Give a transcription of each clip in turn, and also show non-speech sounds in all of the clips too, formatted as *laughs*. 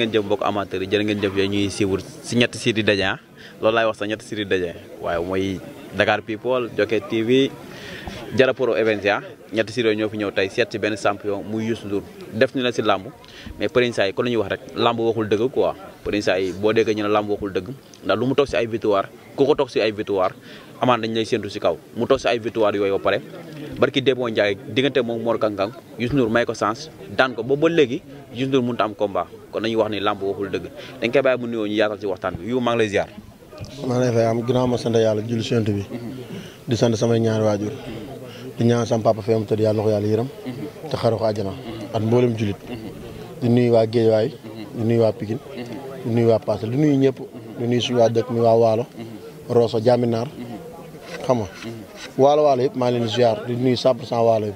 ngeen jëf mbokk amateur yi jërë ngeen jëf yooyu ñuy siiwur si ñetti sites yi daje ah. loolu laay wax sax ñetti sites yi daje waaye mooy Dakar People Jokke TV Jara Pro Events ah. ñetti sites yooyu ñoo fi ñëw tey seet si benn champion muy Youssou Ndour def ñu la si làmb mais Serigne Sa yi kon la ñuy wax rek làmb waxul dëgg quoi Serigne Sa boo déggee ñu ne làmb waxul dëgg ndax lu mu toog si ay victoire ku ko toog si ay victoire amaan dañ lay séentu si kaw mu toog si ay victoire yooyu ba pare barki Demba Ndiaye diggante moom Mor Kang Kang Youssou Ndour may ko sens daan ko ba ba léegi Youssou Ndour mënut a am combat kon nañuy wax ni làmb waajur di ñaan sama papa fi tëdd yàlla na ko yàlla yërëm te xaru ko àjjana at mboolem julit di nuyu waa Géejawaay di nuyu waa Pikine di nuyu waa Parcelles di nuyu ñëpp di nuyu suñu waa dëkk mi waa Waalo Rosso Jaaminaar xam nga waalo waalo yëpp maa ngi leen di ziar di nuyu 100 pour cent waalo bi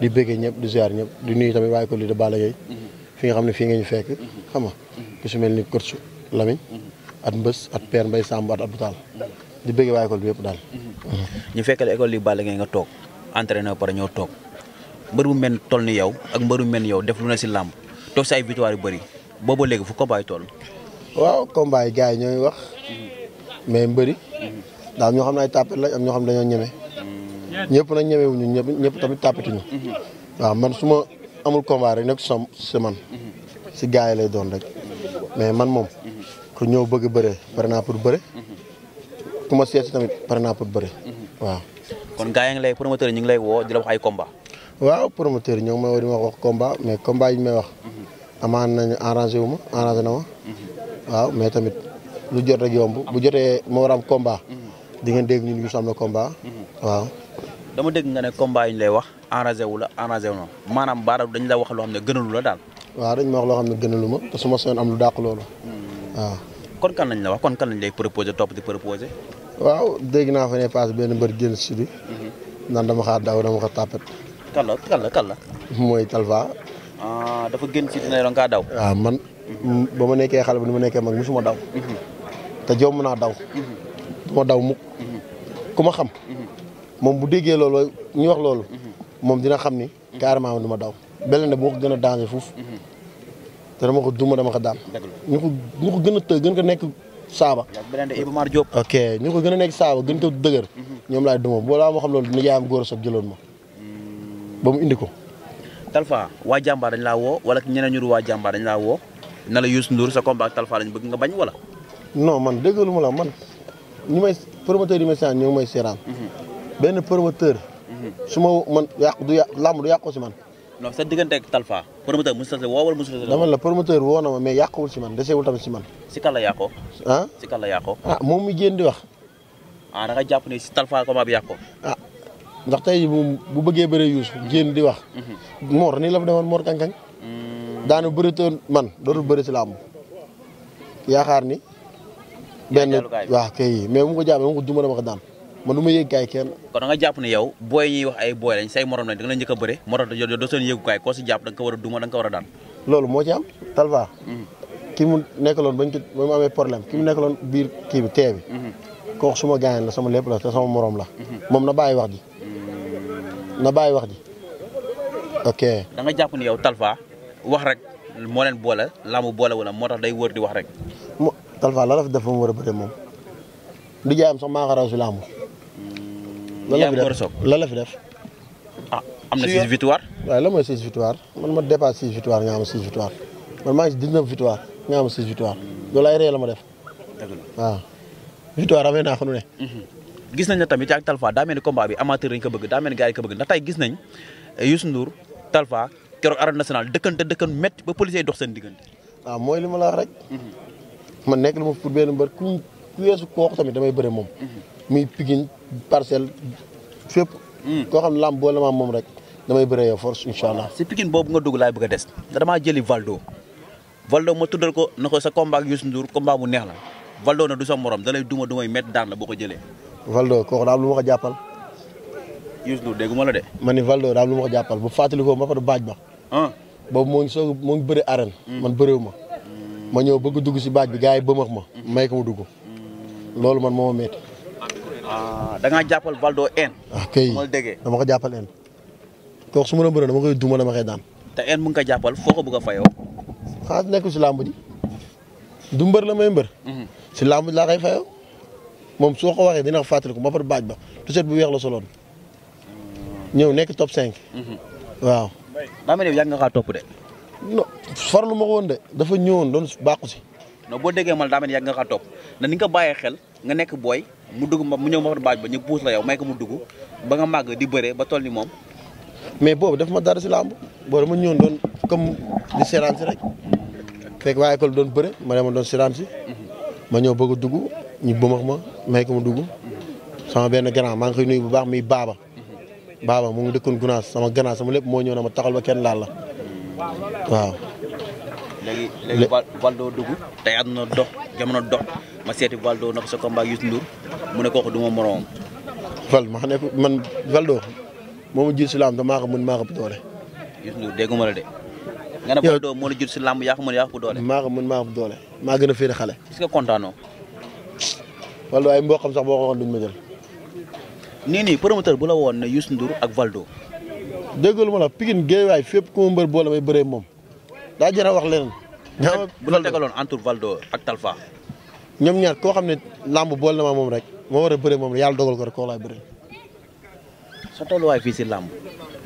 di bëggee ñëpp di ziar ñëpp di nuyu tamit waaye ko li de Balla fi nga xam ne fii nga ñu fekk xam nga ku mel ni kërsu Lamiñ at mbës at Père Mbaye Samb at Abdou Tall di bëggee waaye école bi yëpp daal ñu fekk la école li Balla Gaye nga toog entraîneur par ñoo toog mbër bu mel toll ni yow ak mbër bu mel ni yow def lu ne si làmb toog si ay victoire yu bëri booba léegi fu combat yi toll waaw daal ñoo xam ne ay tàppet lañ am ñoo xam ne dañoo ñeme ma amul combat rek nekk som si man yi lay doon rek mais man moom ñëw bëgg bëre pare naa pour bëre ku ma seet si tamit pare naa pour bëre waaw kon gars yi lay ñu ngi woo di wax yi ñoo ma wax combat mais combat yi ñu may wax amaan wu ma arrangé na ma waaw mais tamit lu jot rek yomb bu jotee moo war a di ngeen dégg ñun ñu am na combat. Mhm. waaw. dama dégg nga ne combat yi ñu lay wax arrangé wu la arrangé wu na maanaam baaraam dañ la wax loo xam ne gënalu la daal. waaw dañ wax loo xam ne gënalu ma te soon am lu dàq loolu. Mhm. waaw. kon kan lañ la wax kon kan lañ lay proposé topp di proposé. waaw dégg naa fa ne benn mbër génn si bi. Mhm. naan dama xaar daaw dama ko tàppet. kan la kan la kan la. mooy Talfa. ah dafa génn si dina kaa daw. waaw man. ba ma nekkee xale ba ni ma nekkee mag musuma daw. te jom naa daw. du daw mukk ku ma xam moom bu déggee loolu ñu wax loolu moom dina xam ni carrément du ma daw Belende boo ko gën a danger foofu te dama ko duma dama ko daan ñu ko ñu ko gën a gën ko nekk saaba ok ñu ko gën a nekk saaba gën ko dëgër mhm. ñoom laay duma boo laa moo xam loolu dina jaayam góor a soog jëloon ma mm. ba mu indi ko Talfa waa jàmbaa dañ laa woo wala ñeneen ñu du waa jàmbaa dañ laa woo na la Youssou Ndour sa combat ak Talfa lañ bëgg nga bañ wala non man déggalu ma man ñi may promoteur yi may seetaan ñoo may seeraan. Mhm. benn promoteur. Mhm. su ma man yàqu du yàqu làmb du yàqu si man. non sa diggante ak Talfa promoteur mu sas la woo wala mu sas la dama la promoteur woo na ma mais yàquwul si man deseewul tamit si man. si kan la yàqoo. Ah? si kan la yàqoo. ah moom mi génn di wax. ah da nga jàpp ne si Talfa comment bi yàqoo. ah ndax tey bu bu bëggee bëree yuus génn di wax. Mhm. Mor ni la fa demoon Mor Kankañ. Mm. daanu bëri toon man dootul bëri si làmb yaakaar ni. benn waaw kay mais bu ma ko jàppee ma ko duma dama daan ma yëg gaay kenn kon nga jàpp ne yow booy yi wax ay booy lañ say morom lañ da nga leen njëkk a bëre moo tax doo seen yëgu gaay a duma da loolu moo ci am talva mhm. ki mu nekkaloon bañ ko ba mu amee problème ki mu nekkaloon biir kii bi tee bi mhm. kooku suma gaañan la sama lépp la te sama morom la mhm. moom na bàyyi wax ji na bàyyi wax ji ok da jàpp ne yow talva wax rek moo leen boole laamu boole wala moo tax day wër di wax rek Talfa la dafa def ba mu war a bëree moom. di jaayam sax maa ngi raw si a la fi def ah am na six victoire. waaye la mooy six victoire man ma dépasse six victoire nga am six victoire man maa ngi si dix-neuf victoire nga am six victoire loolu ay ree la ma def. dëgg la waaw victoire amee naa ko nu ne. Mhm. gis nañ ne tamit ak Talfa daa mel ni combat bi amateur lañ ko bëgg daa mel ni gars yi bëgg ndax tey gis nañ eh, Youssou Ndour Talfa keroog arène nationale dëkkante dëkkan métti ba policiers yi dox seen diggante. waaw ah, mooy li man nekk lu ma pour benn mbër ku ku weesu kooku tamit damay bëre moom. muy Pikine parcelle fépp. koo xam ne làmb boole ma moom rek damay bëre yow force incha allah. si Pikine boobu nga dugg laay bu a des. damaa jëli Valdo. Valdo ma tuddal ko na ko sa combat ak Youssou Ndour bu neex la Valdo na du sa morom dalay lay duma du may daan la boo ko jëlee. Valdo kook daal lu ma ko jàppal. Youssou Ndour dégguma la de. ma ni Valdo daal lu ma ko jàppal bu fàttalikoo ma fa du baaj ba. Ah. boobu moo ngi soog moo ngi bëri arène. Hmm. man bëriwuma. ma ñëw bëgg dugg si baaj bi gars yi bëmax ma may ko mu dugg loolu man moo ma métti. ah da ngaa jàppal Valdo en. ok ah, dama ko jàppal en. kooku su ma la bëree dama koy duma dama koy daan. te en mu ngi ko jàppal foo ko bëgg a fayoo. xaalis nekkul si làmb ji la may mbër. si mhm. làmb ji kay koy fayoo moom soo ko waxee dina ko fàttaliku ma par baaj ba tu set bu weex la soloon ñëw nekk top 5. Mhm. waaw. non farlu ma woon de dafa ñëwoon doon bàqu si. non boo déggee man daa mel yàgg nga xa na ni nga ko bàyyee xel nga nekk booy mu dugg mu ñëw ma fa baaj ba ñu puus la ko mu dugg ba nga màgg di bëree ba toll ni moom. mais boobu daf ma dara si làmb boo dama ñëwoon doon comme di seeraan si rek waaye école doon bëre ma ne ma doon seeraan ma ñëw bëgg a dugg ñu bëmax ma may ko mu dugg sama benn grand maa ngi koy nuyu bu baax muy baaba baaba mu ngi dëkkoon gunaas sama ganaas sama lépp moo ñëw na ma taxal ba kenn laal la waaw. léegi léegi Valdo dugg tey àdduna dox jamono dox ma seeti Valdo na ko sa combat Youssou Ndour mu ne kooku du ma moroomam. ma xam ne man Valdo moomu jiitu si laam te maa ko mën maa ko doole. Youssou Ndour ma la de. nga ne Valdo moo si làmb yaa ko mën yaa maa ko mën maa ko doole maa gën a féere xale. est-ce que Valdo ay mboqam sax boo ko waxoon duñ ma jël. nii nii promoteur bu la woon ne Youssou Ndour ak Valdo. déggalu ma la Pikine Guédiawaye fépp ku ma mbër boole may bëree moom daa jar a wax leen ñaama bu la tegaloon entre Valdo ak Talfa. ñoom ñaar koo xam ne làmb boole na ma moom rek moo war a bëree moom yàlla dogal ko rek koo laay bëree. sa tolluwaay fii si làmb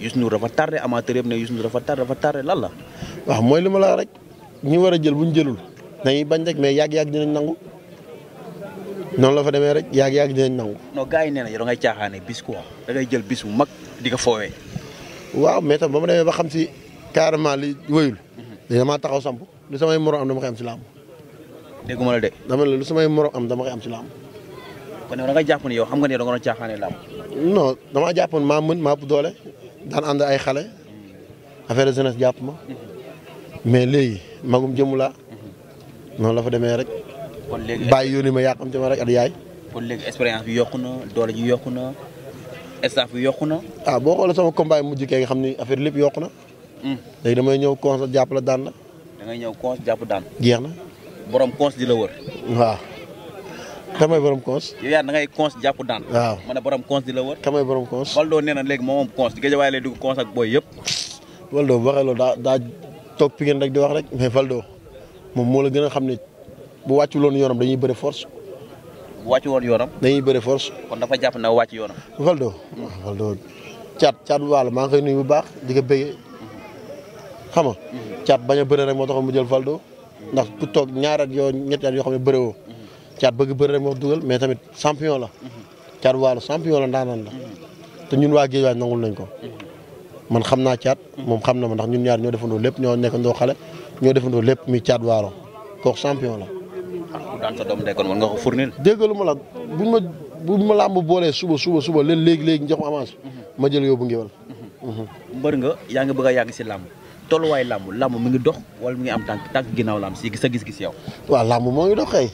Youssou Ndour dafa tardé amateur yëpp ne Youssou Ndour dafa tar dafa tardé lan la. waaw mooy li ma la rek ñi war a jël bu ñu jëlul dañuy bañ rek mais yàgg-yàgg dinañ nangu. noonu la fa demee rek yàgg-yàgg dinañ nangu. non gars yi nee na da ngay caaxaane bis quoi da jël bis bu mag di ko foowee. waaw mais tam ba ma demee ba xam si carrément li wéyul damaa taxaw samp lu samay morom am dama koy am si làmb. dégguma la de. dama la lu samay morom am dama am si làmb. kon da nga jàpp yow xam nga ne da nga doon caaxaanee làmb. non maa mën maa bu doole daan ànd ay xale affaire jeunesse jàpp ma mais léegi magum jëmu laa noonu la fa demee rek. kon léegi bàyyi yónni ma yàqam ci ma rek at yaay. kon léegi expérience bi yokku na doole ji yokku na. staff bi yokku na. ah boo sama combat yi mujj kee nga xam ni affaire lépp yokku na. Hmm. léegi damay ñëw cons jàpp la daan la. da ñëw cons jàpp daan. jeex na. borom cons di la wër. waaw. kamay borom cons. yow yaa da ngay cons jàpp daan. waaw ma ne borom cons di la wër. kamay borom cons. Valdo nee na léegi moom moom cons géej waaye lay dugg cons ak booy yëpp. Valdo bu waxee daa daa toog Pikine rek di wax rek mais Valdo moom moo la gën a xam ne bu wàcculoon yoonam dañuy bëri force. bu wàcc woon yoonam. dañuy bëri force. kon dafa jàpp na wàcc yoonam. Valdo. Valdo hmm. caat caat bu baax maa ngi koy nuyu bu baax di ko bëggee hmm. xam nga. Hmm. caat bañ a bëre rek moo tax mu jël Valdo. ndax ku toog ñaari at yoo ñetti at yoo xam ne bëre woo. caat bëgg bëre rek moo dugal mais tamit champion la. caat bu baax la champion la ndaanaan la. te ñun waa Géejawaay nangul nañ ko. man xam naa caat. moom xam na ma ndax ñun ñaar ñoo defandoo lépp ñoo nekkandoo xale ñoo defandoo lépp muy caat waalo kooku champion la. daan sa doom dekkoon war nga ko fournir. déggalu ma la buñ ma buñ ma làmb boolee suba suba suba leen léegi-léegi jox ma avance mhm. ma jël yóbbu ngeewal. Mhm. Mhm. mbër nga yaa ngi bëgg a yàgg si làmb tolluwaay làmb làmb mi ngi dox wala mi ngi am tànk tànk ginnaaw làmb si sa gis-gis yow. waaw làmb moo ngi dox kay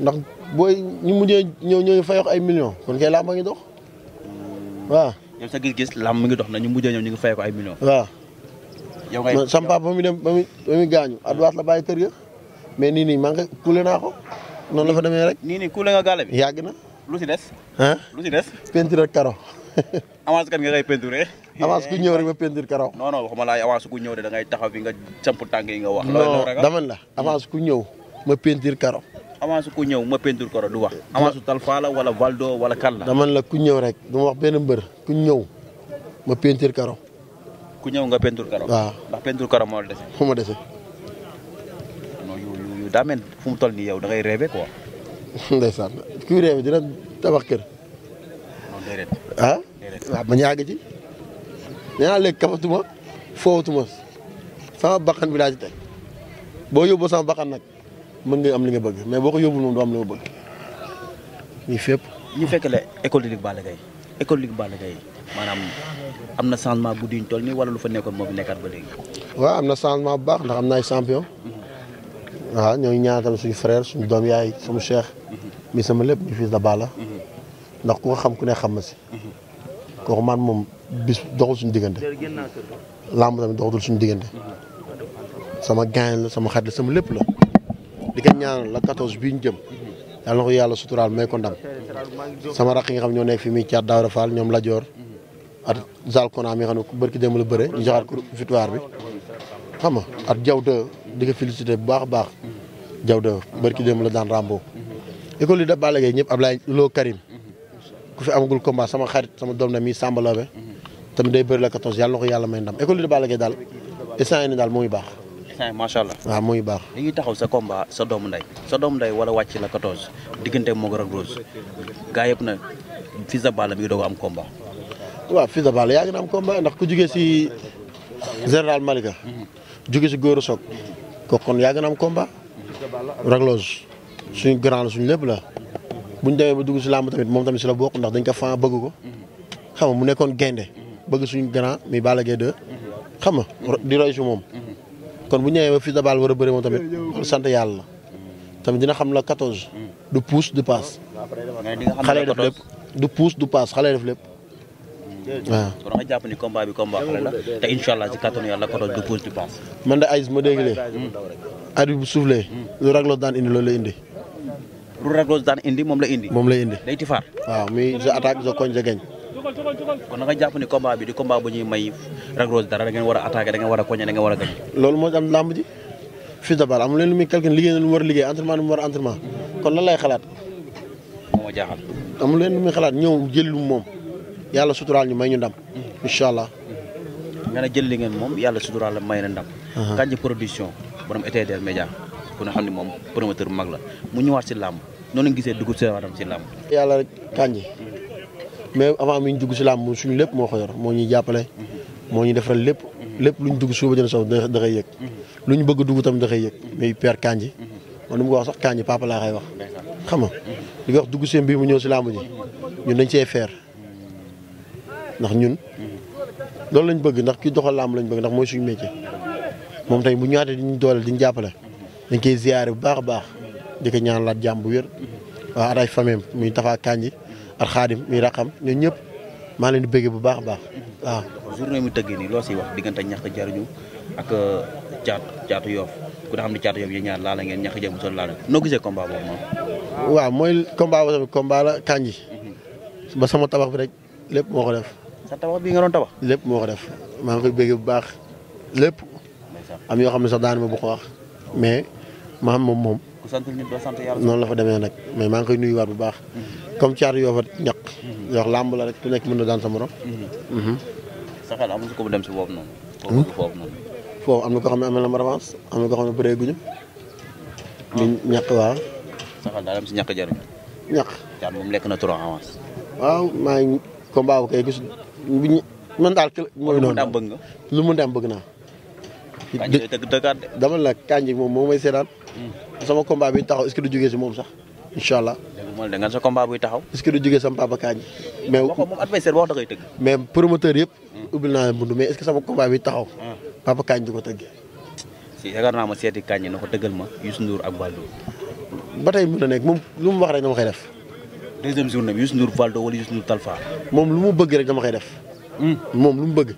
ndax booy ñu mujjee ñëw ñëw fay wax ay millions kon kay a ngi dox mm. waaw. yow ngi dox na ñu mujjee ñëw ñu ngi fay ko ay millions. waaw. yow ba muy dem ba muy gaañu at la bàyyi kër ga. mais nii nii man kuule naa ko noonu la fa demee rek. nii nii kuule nga gàlle yàgg na. lu si des. ah lu si des. peinture ak karo. *laughs* avance kan nga koy peinturer. *laughs* ñëw rek ma peinture karo. non non waxuma laay avance ku ñëw de da ngay taxaw fi nga samp tànk yi nga wax. non dama la avance ku ñëw ma peinture karo. avance ku ñëw ma peinture karo du wax. avance Talfa la wala Valdo wala kan la. la ku ñëw rek du ma wax benn mbër ku ñëw ma peinture karo. ku ñëw nga peinture karo. waaw ndax peinture karo moo la ma dese. daa mel fu mu toll nii yow da ngay rêvé quoi. ndeysaan kuy rêvé dina tabax kër. ah waaw ma ñaage ci nee naa léegi kafatuma foowatuma sama bakkan bi laa ci teg boo yóbboo sama bakkan nag mën nga am li nga bëgg mais boo ko yóbbul moom doo am li nga bëgg ñu fépp. ñu fekk la école de ligue Balla Gaye école de ligue Balla Gaye maanaam am na changement bu diñ toll nii wala lu fa nekkoon moo fi nekkaat ba léegi. waaw am na changement bu baax ndax am na ay champion. Mhm. waaw ñooñu ñaanal tamit suñu frère suñu doom yaay suñu cheikh mi sama lépp ñu fils de Balla ndax ku ko xam ku ne xam na si ko man moom bis doxul suñu diggante làmb tamit doxatul suñu diggante sama gain la sama xarit la sama lépp la di ñaanal la 14 bii ñu jëm yàlla na ko yàlla suturaal may ko ndam sama rakk yi xam ñoo nekk fi muy caat Daawda Fall ñoom Lajoor ak Zal Kona mi xam ne bërki dem la bëre ñu joxaat ko victoire bi xam di ko félicité bu baax a baax. jaw de barki dem la daan Rambo. école yi da Balla Gaye ñëpp Ablaye Lo Karim. ku fi amagul combat sama xarit sama doom na mi Samba Laobé tamit day bëri la 14 yàlla na ko yàlla may ndam école yi da Balla Gaye daal instant yii nii daal baax. instant ngi baax. li ñuy taxaw sa combat sa doomu nday sa doomu nday wala wàcc la 14 diggante moo gën a rose gaa yëpp na Fils de Balla mi ngi doog am combat. waaw Fils de Balla yaa ngi am combat ndax ku jugee si général Malika. jugee si Goro kooku kon yàgg na am combat. ragloos suñu grand la suñu lépp la bu ñu demee ba dugg si làmb tamit moom tamit si la bokk ndax dañ ko fan bëgg ko xam nga mu nekkoon gaynde bëgg suñu grand mi Balla Gaye 2 xam nga di roy si moom. kon bu ñëwee ba Fils de Balla war a bëri moom tamit sant yàlla la tamit dina xam la 14. du pousse du passe. xale def lépp du pousse du passe xale def lépp. waaw ah. kon nga jàpp ni combat bi combat xale la te incha allah si kattanu yàlla bu suuflee. Hmm. la indi. lu ragloo daan indi moom la indi. moom la indi day tifaar. waaw muy je attaque je cogne je gagne. kon nga jàpp ni combat bi di combat bu ñuy may ragloo dara da ngeen war a attaqué da war a cogne da ngeen war a gagne. loolu moo am làmb ji. fii dabar amul leen lu muy calcul liggéey na lu mu war a liggéey entraînement a entraînement kon lan lay xalaat. moo ma jaaxal. leen lu muy xalaat ñëw jël moom yàlla suturaal ñu may ñu ndam. incha allah. nga ne jël li ngeen moom yàlla suturaal la may na ndam. Kandji production borom ETDR Média ku xam ne moom promoteur bu mag la mu ñëwaat si làmb noonu nga gisee dugub si waatam si làmb. yàlla rek Kandji mm-hmm. mais avant mi ñu dugg si làmb suñu lépp moo ko yor moo ñuy jàppale. Mm-hmm. moo ñu defaral lépp. Mm-hmm. lépp lu ñu dugg suba jën saw da da yëg. lu ñu bëgg dugg tam da yëg. muy père Kandji man nu mu ko wax sax Kandji papa laa koy wax. xam nga li wax dugg seen biir mu ñëw si làmb ji ñun dañ see feer. ndax ñun loolu lañ bëgg ndax ki doxal làmb lañ bëgg ndax mooy suñu métier moom tey bu ñaatee diñu dooleel diñu jàppale dañ koy ziyaare bu baax a baax di ko ñaan laat jàmm bu wér waaw at ay famem muy Tafa Kanji ak Xaadim ñëpp maa leen bëgg bu baax a baax waaw journée mu tëgg nii loo siy wax diggante ñax jariñu ak caatu euh, caatu yoof ku da xam ne caatu yoof yi ñaar laa la ngeen ñax jëm sol laa la noo gisee combat boobu moom waaw mooy combat boobu combat la mhm. ba sama tabax bi rek lépp moo ko sa tabax bii nga doon tabax. lépp moo ko def maa ngi koy bëgg bu baax lépp. am yoo xam ne sax daan ma bu ko mais ma moom moom. ku sant nit doo sant noonu la fa demee nag mais maa ngi koy nuyuwaat bu baax. Mhm. comme caatu yoo fa ñaq. Mhm. yoo xam làmb la rek ku nekk mën na daan sa morom. Mhm. sa xel amul ko dem si boobu hmm? noonu. foofu am na koo xam ne am na ma revanche am na koo xam ne bëree guñu. ñu ah. ñaq waaw. sa xel si ñaq jaruñu. ñaq caat na trop maa ngi combat kay gis man daal mooy noonu lu mu daan bëgg naa. dama la kanji moom moo may seetaan. Hmm. sama kombaa bi taxaw est-ce que du jógee si moom sax incha allah. da nga sa combat taxaw. est-ce que du jógee sama papa kanji. mais moom mais promoteur yëpp. Hmm. ubbil naa leen mais est sama combat bi taxaw. Hmm. papa kanji du ko tëgg. si yaakaar naa ma seeti kanji na ko tëggal ma Youssou Ndour ak Baldo. ba tey na nekk moom lu mu wax rek dama koy def. deuxième journée bi Youssou Ndour Valdo moom lu mu bëgg rek dama koy def. Hmm. moom lu mu bëgg.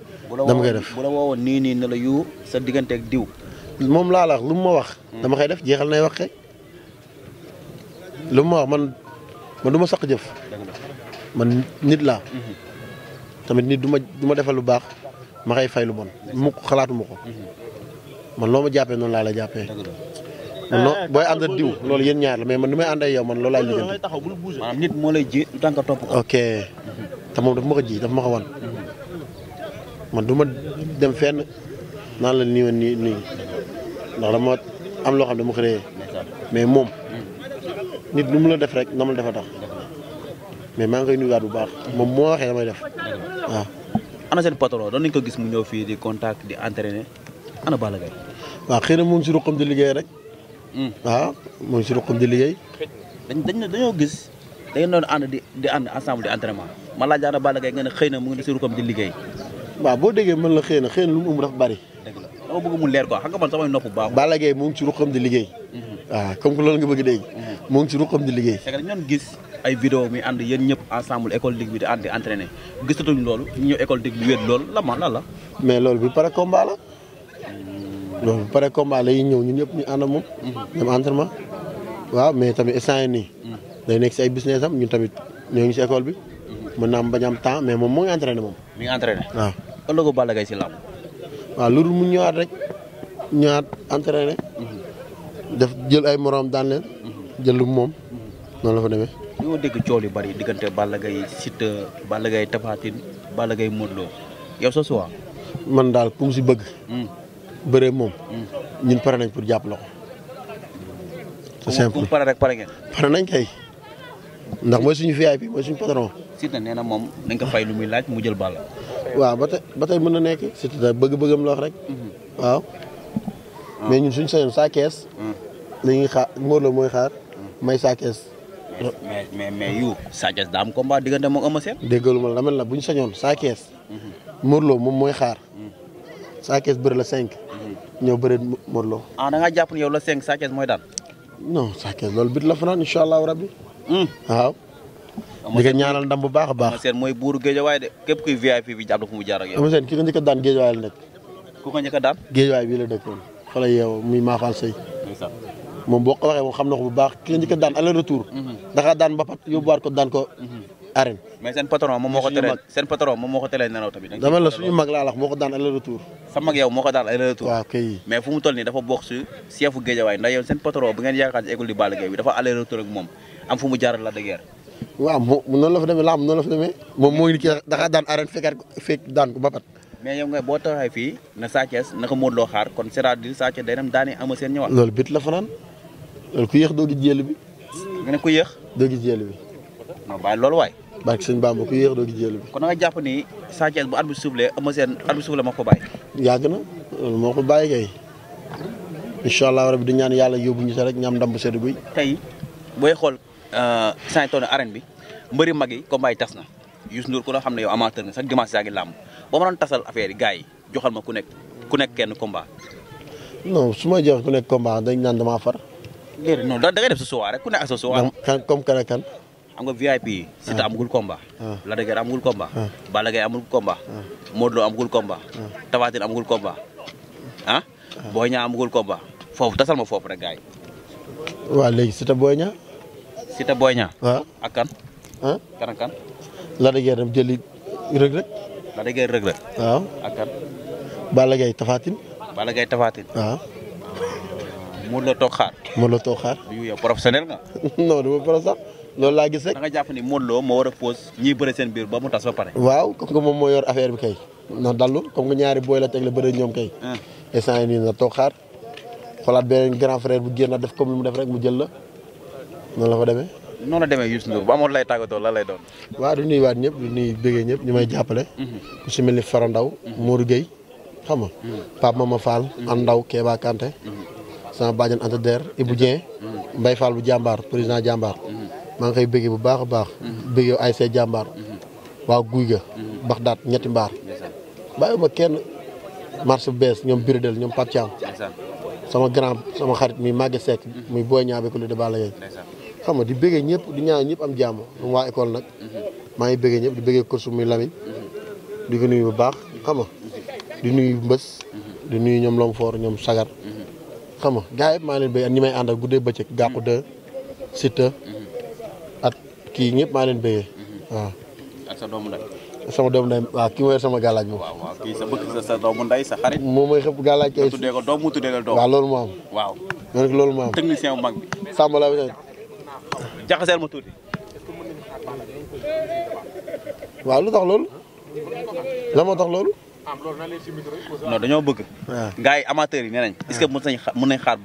dama koy def bu la woowoon nii nii ne yu sa diggante ak moom laa la lu mu ma wax. Hmm. dama koy def jeexal nay waxee. lu mu ma wax man man du ma saq jëf. man nit laa. Hmm. tamit nit du ma du defal lu baax ma koy fay lu bon. mu xalaatu ma ko. man loo ma jàppee noonu laa la jàppee. non eh, eh, booy ànd diw loolu yéen ñaar la mais man nu may ànd ak yow man loolu laay lijjanti. maanaam nit moo lay ji tant que topp ko. ok te moom dafa ma ko ji dafa ma ko man du ma dem fenn naan la nii woon nii nii ndax dama am loo xam ne dama ko mais moom nit lu mu la def rek na ma la dafa tax mais maa ngi koy nuyuwaat bu baax moom moo waxee damay def waaw. ana seen patron nañ ko gis mu ñëw fii di contact di entraîner ana Balla Gaye. waaw xëy na mu ngi si ruqam di liggéey rek. waaw mm. ah, mooy si ruqam di liggéey. dañ dañoo gis da ngeen doon ànd di di ànd ensemble di entraînement ma laaj daal Balla Gaye nga ne xëy na mu ngi si ruqam di liggéey. waaw boo déggee mën la xëy na xëy na lu mu ëmb dafa bari. dëgg la dama bëgg mu leer quoi xam nga man samay nopp baaxul. Balla Gaye mu ngi si ruqam di liggéey. waaw mm-hmm. ah, comme que loolu nga bëgg dégg. Mm-hmm. mu ngi si ruqam di liggéey. c'est que ñoon gis ay vidéo mi ànd yéen ñëpp ensemble école ligue bi di ànd di entraîné gisatuñ loolu ñu ñëw école ligue bi wéet loolu la ma la la. mais loolu bi par combat la bu pare combat lay ñëw ñu ñëpp ñu ànd ak moom. Mhm. dem entraînement. waaw mais tamit instant nii. Mhm. day nekk si ay business am ñun tamit ñoo ngi si école bi. Mhm. mën naa am bañ am temps mais moom moo ngi entraîné moom. mi ngi entraîné waaw. ëllëgoo Balla si làmb. waaw loolu mu ñëwaat rek ñëwaat entraîné. def jël ay moroom daan leen. jël lu moom. noonu la fa demee. ñoo dégg coow yu bari diggante Balla Gaye Siteu Balla Gaye Tapha Tine Balla Gaye Modou Lo yow sa man daal ku si bëgg. bëree moom. ñun pare nañ pour jàpp la ko. c'est simple pare rek pare ngeen. nañ kay ndax mooy suñu VIP bi mooy suñu patron. Siteu nee na moom nañ ko fay lu muy laaj mu jël Balla. waaw ba tey ba tey mën na nekk Siteu da bëgg-bëggam la wax rek. Mhm. waaw. Ah. mais ñun suñu sañoon saa kees. la mm. ñuy xaar Mor mooy xaar. may saa mais mais mais yu saa kees daa am combat diggante moom Eumeu la dama la bu ñu sañoon saa kees. Mor mhm. mooy xaar. Mm. saa kees bëri la cinq. ñëw bëreet Modou Lo. ah da ngaa yow la 5 Sa mooy daan. non Sa Thiès loolu bit la fanaan incha allahu rabbi. Hmm. waaw. di ko ñaanal ndam bu baax a baax. seen mooy buuru géejawaay de képp kuy VIP bi jàpp na fu mu jaar ak yow. seen ki ko njëkk a daan géejawaay la nekk. ku ko njëkk a daan. géejawaay bii la dëkkoon fa la yeewoo muy Mafal Seye. moom boo ko waxee moom xam na ko bu baax ki nga njëkk a daan aller retour. Mm-hmm. dafa daan mbapat yóbbuwaat ko daan ko. Mm-hmm. arène. mais seen patron moom moo ko teree tamit. dama la suñu mag laa moo ko sa mag moo ko daan aller retour. waaw kay mais fu mu toll moom moo ngi daan arène fekk daan ko bapat mais yow nga boo taxawee fii na Sa Thiès naka Lo xaar kon c'est-à-dire Sa Thiès day loolu bit la fanaan loolu ku yéex doo gis jël bi. nga ne loolu waay. barke sëñ Bamba ku yéex doo gi jël bi kon nga jàpp ni Sa Thiès bu at bu suuflee Eumeu Sène at bu suuflee moo ko bàyyi yàgg na moo ko bàyyi kay incha allah rabbi di ñaan yàlla yóbbu ñu sa rek ñaam ndam bu sedd tey booy xool euh, san toon bi mbëri mag yi combat tas na Youssou ku la xam ne yow amateur nga sax dimanche saa ngi làmb ba tasal affaire yi gars yi joxal ma ku nekk ku nekk kenn combat su ma jox ku nekk combat dañ naan damaa far déedéet def sa soirée rek ku nekk ak sa soirée comme kan am nga VIP yi. Siteu ah. amagul combat. Ah. Lac de Guiers amagul combat. Ah. Balla Gaye amagul combat. Modou Lo amagul combat. Tapha Tine amagul combat. ah. Boy Niang amagul combat foofu tasal ma foofu rek gars yi. waaw léegi Siteu Boy Niang. Siteu Boy Niang. waaw ak kan. ah kan ak kan. Lac de Guiers dem jëli Reug Reug. Lac de Guiers Reug Reug. waaw ak kan. Balla Gaye Tapha Tine. Balla Gaye Tapha Tine. waaw. Modou Lo toog xaar. Modou Lo toog xaar. yow professionnel nga. *laughs* non du ma pro sax. loolu laa gis rek. da nga jàpp ni moo war a pose ñiy bëre seen biir ba mu tas ba pare. waaw comme que moom moo yor affaire bi kay. na dallu comme que ñaari booy la teg la bëre ñoom kay. Ah. instant yii nii na toog xaar xoolaat beneen grand frère bu génn def comme lu mu def rek mu jël la noonu la fa demee. noonu la demee Youssou Ndour ba amoon lay tàggatoo la lay doon. waaw du waat ñëpp du nuyu bëggee ñëpp ñu may jàppale. Mhm. ku si mel ni Fara Ndaw. Mhm. Modou Gueye xam nga. Mhm. Pape Mama Fall. An Ndaw Kéba Kanté. sama bàjjen Anta Der Ibou Dieng. Mbaye Fall jàmbaar président jàmbaar. maa ngi koy bëggee bu baax a baax. Mhm. bëggee ay see jàmbaar. Mhm. waa guy ga. Mhm. baxdaat ñetti mbaar. bàyyiwuma kenn marché bu bees ñoom Biridel ñoom Pape sama grand sama xarit mi Maguette Seck. muy booy ñaabe ku lu de Balla Gaye. xam nga di bëggee ñëpp di ñaan ñëpp am jàmm. moom waa école nag. maa ngi bëggee ñëpp di bëggee kursu muy Lamine. di ko nuyu bu baax xam di nuyu Mbës. di nuyu ñoom Lomfor ñoom Sagar. xam nga gars yëpp maa leen bëgg ñi may àndal guddee bëccëg. gàqu de kii yi ñëpp maa leen bëggee mhm. waaw. ak sa doomu nday. sama doomu nday waaw kii mooy sama gàllaaj moom. waaw waaw kii sa bëgg sa sa doomu nday sa xarit. moom mooy xëpp gàllaaj kay. tuddee ko doom mu tuddee la doom. waaw loolu moo am. waaw loolu loolu moo am. technicien bu mag bi. Samba laa bëgg jaxaseel ma tuuti. waaw lu tax loolu. la tax loolu. non dañoo bëgg. waaw gars yi amateurs yi nee nañ. est-ce que mën nañ xaar mën nañ xaar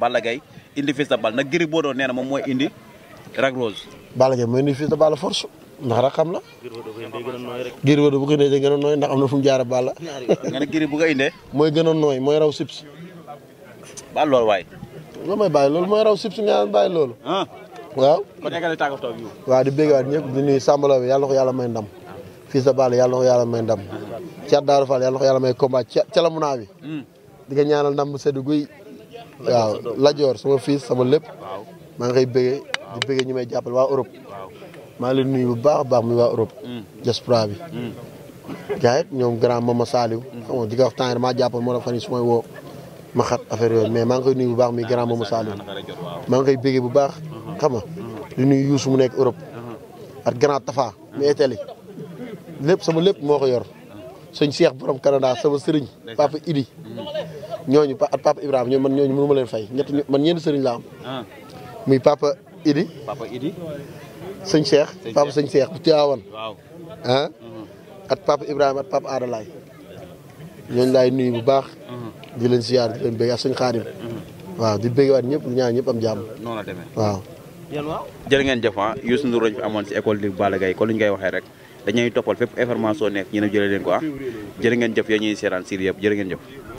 indi Fils sa Balla na Gris boo nee na moom mooy indi. Lac Rose. Balla Gaye mooy nuyu fils de Balla force ndax rak xam la. Gris Bordeaux bu ko indee gën a nooy ndax am na fu mu jaar a bu ko mooy gën a nooy mooy raw sips. baal loolu waay. loolu mooy mooy raw sips nga bàyyi loolu. Ah. waaw. di béggaat ñëpp di nuyu Sambalaw bi yàlla ko yàlla may ndam. fils de Balla yàlla ko yàlla may ndam. Thiat Daara Fall yàlla ko yàlla may combat ca ca la munaa bi. Hmm. di nga ñaanal ndam bu sedd guy. waaw Lajoor sama fils sama lépp. maa ngi koy bégee di bëggee ñu may jàppale waa Europe maa ngi leen nuyu bu baax a baax muy waa Europe diaspora bi gaa ñoom grand mama Saliou xam nga wax temps maa jàppal moo tax fan yi su may woo ma xat affaire yooyu mais maa ngi koy nuyu bu baax mi grand mama Saliou maa ngi koy bëggee bu baax xam nga nuy nuyu mu nekk Europe ak grand Tafa mu Italie lépp sama lépp moo ko yor sëñ Cheikh borom Canada sama sëriñ papa Idi ñooñu ak papa Ibrahima ñoo man ñooñu mënu ma leen fay ñett man ñeenti sëriñ laa am ah. muy papa Idi papa Idi. sëñ Cheikh papa sëñ Cheikh bu Tiwaawan. waaw ah. Mhm. ak papa Ibrahima ak papa Adalaay. ñooñu laay nuyu bu baax. Mhm. di leen ziar di leen bëgg ak sëñ Xaadim. Mhm. waaw di bëgg waat ñëpp ñaar ñëpp am jàmm. noonu la demee waaw. jërë ngeen jëf ah Youssou nu lañ fi amoon si école di Balla Gaye kon lu ñu koy waxee rek dañuy toppal fépp information nekk ñu ne jëlee leen ko ah jërë ngeen jëf yaa ñuy seeraan si yëpp jërë ngeen jëf.